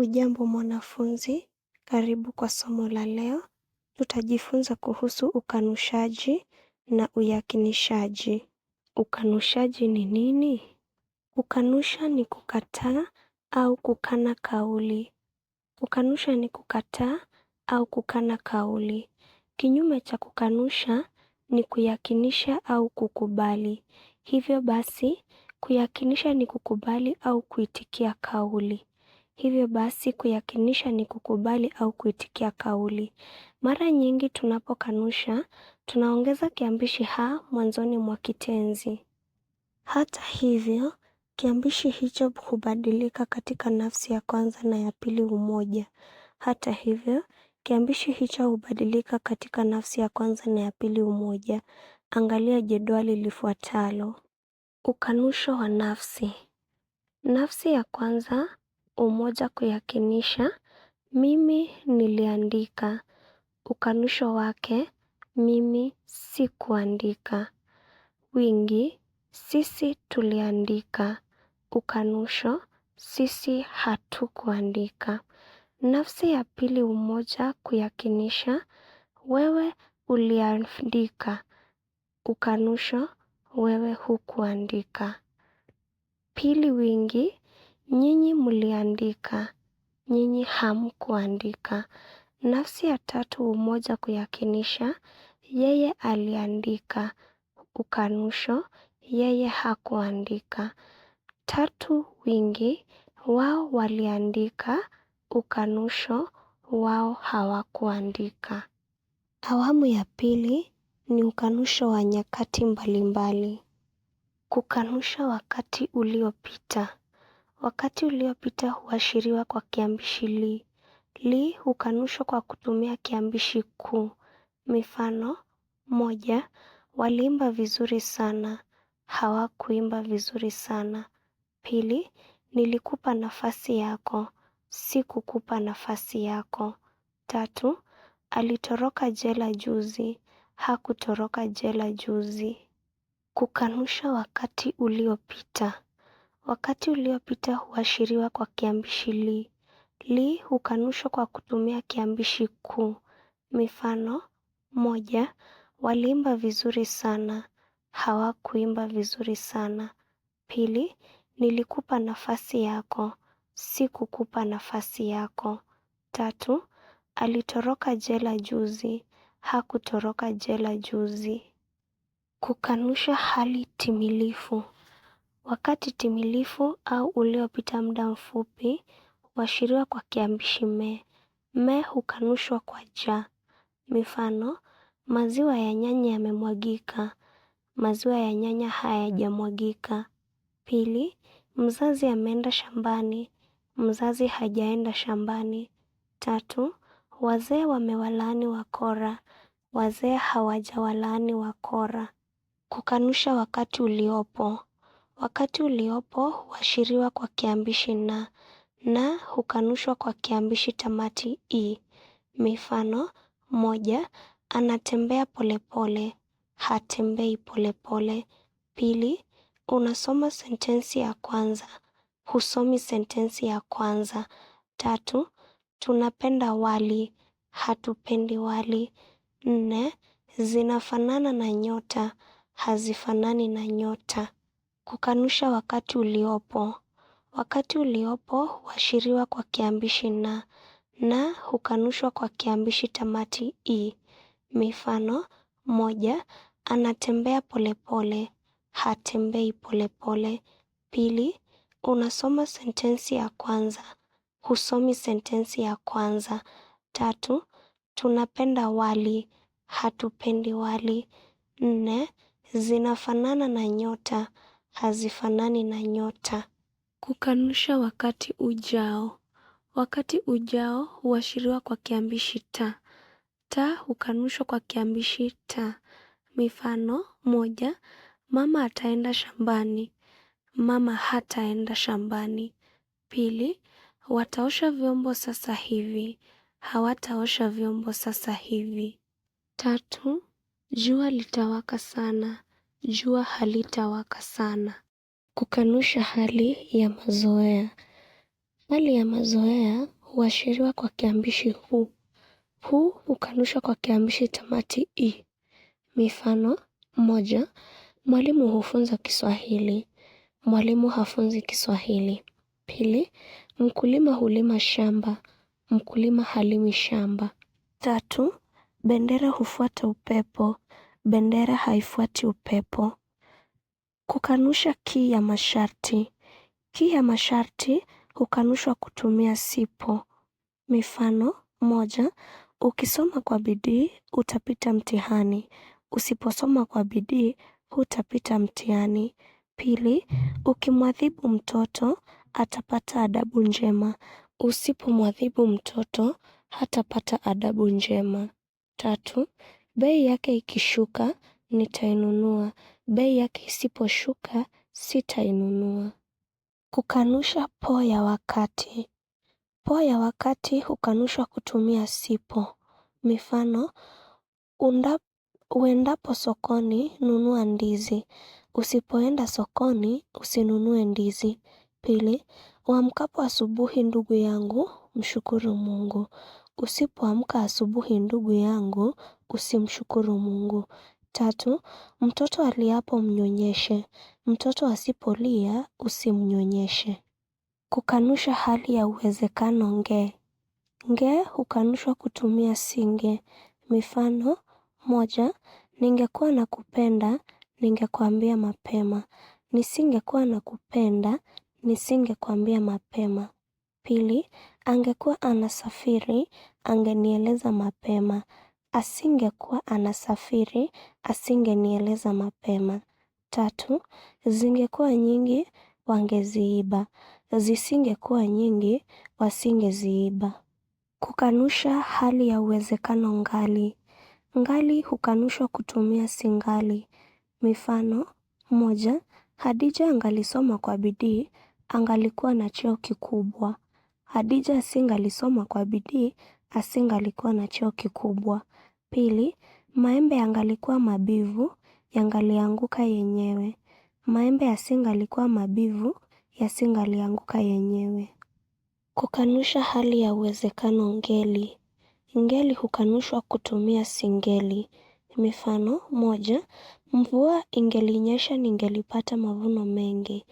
ujambo mwanafunzi, karibu kwa somo la leo. Tutajifunza kuhusu ukanushaji na uyakinishaji. Ukanushaji ni nini? Kukanusha ni kukataa au kukana kauli. Kukanusha ni kukataa au kukana kauli. Kinyume cha kukanusha ni kuyakinisha au kukubali. Hivyo basi, kuyakinisha ni kukubali au kuitikia kauli. Hivyo basi kuyakinisha ni kukubali au kuitikia kauli. Mara nyingi tunapokanusha, tunaongeza kiambishi ha mwanzoni mwa kitenzi. Hata hivyo, kiambishi hicho hubadilika katika nafsi ya kwanza na ya pili umoja. Hata hivyo, kiambishi hicho hubadilika katika nafsi ya kwanza na ya pili umoja. Angalia jedwali lifuatalo. Ukanusho wa nafsi. Nafsi ya kwanza umoja kuyakinisha mimi niliandika ukanusho wake mimi sikuandika wingi sisi tuliandika ukanusho sisi hatukuandika nafsi ya pili umoja kuyakinisha wewe uliandika ukanusho wewe hukuandika pili wingi Nyinyi mliandika nyinyi hamkuandika. Nafsi ya tatu umoja kuyakinisha, yeye aliandika. Ukanusho, yeye hakuandika. Tatu wingi, wao waliandika. Ukanusho, wao hawakuandika. Awamu ya pili ni ukanusho wa nyakati mbalimbali. Kukanusha wakati uliopita. Wakati uliopita huashiriwa kwa kiambishi li. Li hukanushwa kwa kutumia kiambishi ku. Mifano: moja, waliimba vizuri sana. Hawakuimba vizuri sana. Pili, nilikupa nafasi yako. Sikukupa nafasi yako. Tatu, alitoroka jela juzi. Hakutoroka jela juzi. Kukanusha wakati uliopita. Wakati uliopita huashiriwa kwa kiambishi li. Li hukanushwa kwa kutumia kiambishi ku. Mifano moja, waliimba vizuri sana. Hawakuimba vizuri sana. Pili, nilikupa nafasi yako. Sikukupa nafasi yako. Tatu, alitoroka jela juzi. Hakutoroka jela juzi. Kukanusha hali timilifu. Wakati timilifu au uliopita muda mfupi huashiriwa kwa kiambishi me. Me hukanushwa kwa ja. Mifano, maziwa ya nyanya yamemwagika, maziwa ya nyanya hayajamwagika. Pili, mzazi ameenda shambani, mzazi hajaenda shambani. Tatu, wazee wamewalaani wakora, wazee hawajawalaani wakora. Kukanusha wakati uliopo. Wakati uliopo huashiriwa kwa kiambishi na na hukanushwa kwa kiambishi tamati i. Mifano: moja, anatembea polepole, hatembei polepole. Pili, unasoma sentensi ya kwanza, husomi sentensi ya kwanza. Tatu, tunapenda wali, hatupendi wali. Nne, zinafanana na nyota, hazifanani na nyota kukanusha wakati uliopo. Wakati uliopo huashiriwa kwa kiambishi na, na hukanushwa kwa kiambishi tamati i. Mifano: moja, anatembea polepole, hatembei polepole. Pili, unasoma sentensi ya kwanza, husomi sentensi ya kwanza. Tatu, tunapenda wali, hatupendi wali. Nne, zinafanana na nyota, hazifanani na nyota. Kukanusha wakati ujao. Wakati ujao huashiriwa kwa kiambishi ta. Ta hukanushwa kwa kiambishi ta. Mifano moja, mama ataenda shambani. Mama hataenda shambani. Pili, wataosha vyombo sasa hivi. Hawataosha vyombo sasa hivi. Tatu, jua litawaka sana jua halitawaka sana. Kukanusha hali ya mazoea. Hali ya mazoea huashiriwa kwa kiambishi hu. Hu hukanushwa kwa kiambishi tamati i. Mifano moja, mwalimu hufunza Kiswahili. Mwalimu hafunzi Kiswahili. Pili, mkulima hulima shamba. Mkulima halimi shamba. Tatu, bendera hufuata upepo bendera haifuati upepo. Kukanusha ki ya masharti. Ki ya masharti hukanushwa kutumia sipo. Mifano moja, ukisoma kwa bidii utapita mtihani. Usiposoma kwa bidii hutapita mtihani. Pili, ukimwadhibu mtoto atapata adabu njema. Usipomwadhibu mtoto hatapata adabu njema. Tatu, Bei yake ikishuka, nitainunua. Bei yake isiposhuka, sitainunua. Kukanusha poo ya wakati. Poo ya wakati hukanushwa kutumia sipo. Mifano, uendapo sokoni, nunua ndizi. Usipoenda sokoni, usinunue ndizi. Pili, uamkapo asubuhi ndugu yangu, mshukuru mungu. Usipoamka asubuhi ndugu yangu, usimshukuru Mungu. Tatu, mtoto aliapo mnyonyeshe. Mtoto asipolia usimnyonyeshe. Kukanusha hali ya uwezekano nge. Nge hukanushwa kutumia singe. Mifano, moja, ningekuwa na kupenda ningekwambia mapema. Nisingekuwa na kupenda nisingekwambia mapema. Pili, angekuwa anasafiri, angenieleza mapema asingekuwa anasafiri, asingenieleza mapema. Tatu, zingekuwa nyingi wangeziiba, zisingekuwa nyingi wasingeziiba. Kukanusha hali ya uwezekano ngali. Ngali hukanushwa kutumia singali. Mifano, moja, Hadija angalisoma kwa bidii, angalikuwa na cheo kikubwa. Hadija asingalisoma kwa bidii, asingalikuwa na cheo kikubwa. Pili, maembe yangalikuwa mabivu, yangalianguka yenyewe. Maembe yasingalikuwa mabivu, yasingalianguka yenyewe. Kukanusha hali ya uwezekano ngeli. Ngeli hukanushwa kutumia singeli. Mifano moja, mvua ingelinyesha ningelipata mavuno mengi.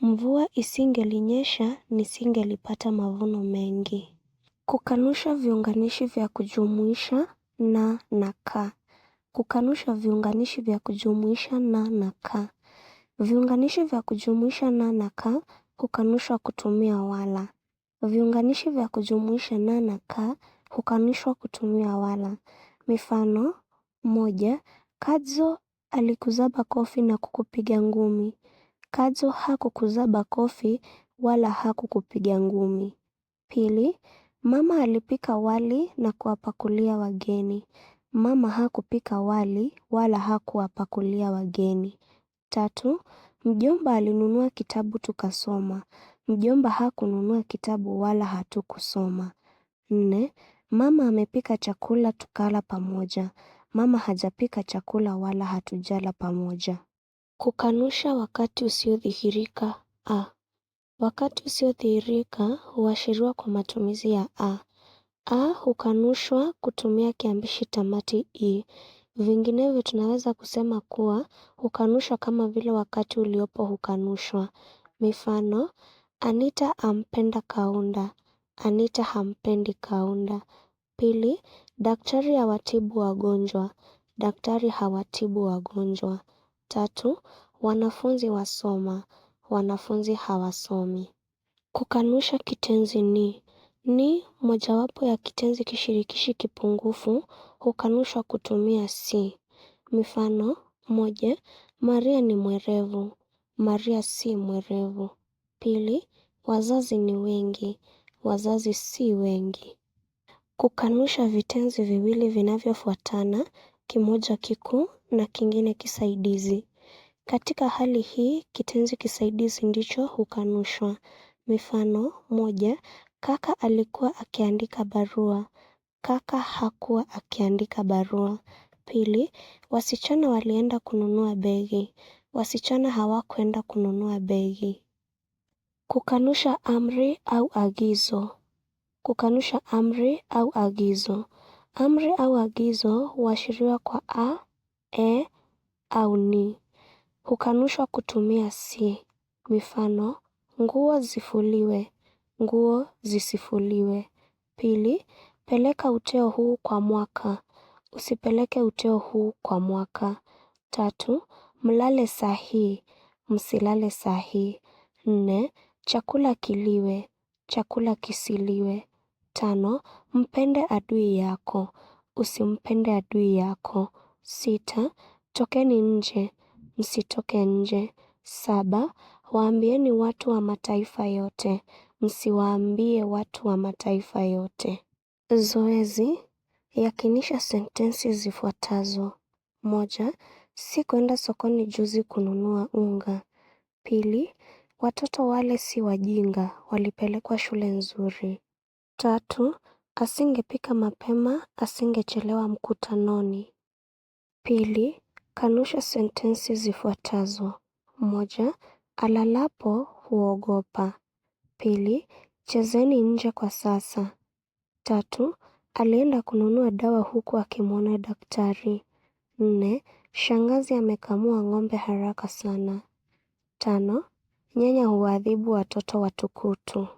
Mvua isingelinyesha nisingelipata mavuno mengi. Kukanusha viunganishi vya kujumuisha na na ka. Kukanusha viunganishi vya kujumuisha na na ka. Viunganishi vya kujumuisha na na ka hukanushwa kutumia wala. Viunganishi vya kujumuisha na na ka hukanushwa kutumia wala. Mifano moja, Kadzo alikuzaba kofi na kukupiga ngumi. Kadzo hakukuzaba kofi wala hakukupiga ngumi. Pili, Mama alipika wali na kuwapakulia wageni. Mama hakupika wali wala hakuwapakulia wageni. Tatu, mjomba alinunua kitabu tukasoma. Mjomba hakununua kitabu wala hatukusoma. Nne, mama amepika chakula tukala pamoja. Mama hajapika chakula wala hatujala pamoja. Kukanusha wakati usiodhihirika. A. Wakati usiodhihirika huashiriwa kwa matumizi ya a. a hukanushwa kutumia kiambishi tamati i. E. Vinginevyo tunaweza kusema kuwa hukanushwa kama vile wakati uliopo hukanushwa. Mifano: Anita ampenda Kaunda, Anita hampendi Kaunda. Pili, daktari hawatibu wagonjwa, daktari hawatibu wagonjwa. Tatu, wanafunzi wasoma, wanafunzi hawasomi. Kukanusha kitenzi ni. Ni mojawapo ya kitenzi kishirikishi kipungufu hukanushwa kutumia si. Mifano moja, Maria ni mwerevu. Maria si mwerevu. Pili, wazazi ni wengi. Wazazi si wengi. Kukanusha vitenzi viwili vinavyofuatana, kimoja kikuu na kingine kisaidizi. Katika hali hii kitenzi kisaidizi ndicho hukanushwa. Mifano moja, kaka alikuwa akiandika barua. Kaka hakuwa akiandika barua. Pili, wasichana walienda kununua begi. Wasichana hawakwenda kununua begi. Kukanusha amri au agizo. Kukanusha amri au agizo. Amri au agizo huashiriwa kwa a, e au ni hukanushwa kutumia si. Mifano, nguo zifuliwe, nguo zisifuliwe. Pili, peleka uteo huu kwa mwaka, usipeleke uteo huu kwa mwaka. Tatu, mlale sahii msilale sahii Nne, chakula kiliwe, chakula kisiliwe. Tano, mpende adui yako, usimpende adui yako. Sita, tokeni nje, msitoke nje. Saba, waambieni watu wa mataifa yote, msiwaambie watu wa mataifa yote. Zoezi: yakinisha sentensi zifuatazo. Moja, si kwenda sokoni juzi kununua unga. Pili, watoto wale si wajinga, walipelekwa shule nzuri. Tatu, asingepika mapema, asingechelewa mkutanoni. Pili, Kanusha sentensi zifuatazo: moja, alalapo huogopa; pili, chezeni nje kwa sasa; tatu, alienda kununua dawa huku akimwona daktari; nne, shangazi amekamua ng'ombe haraka sana; tano, nyanya huwaadhibu watoto watukutu.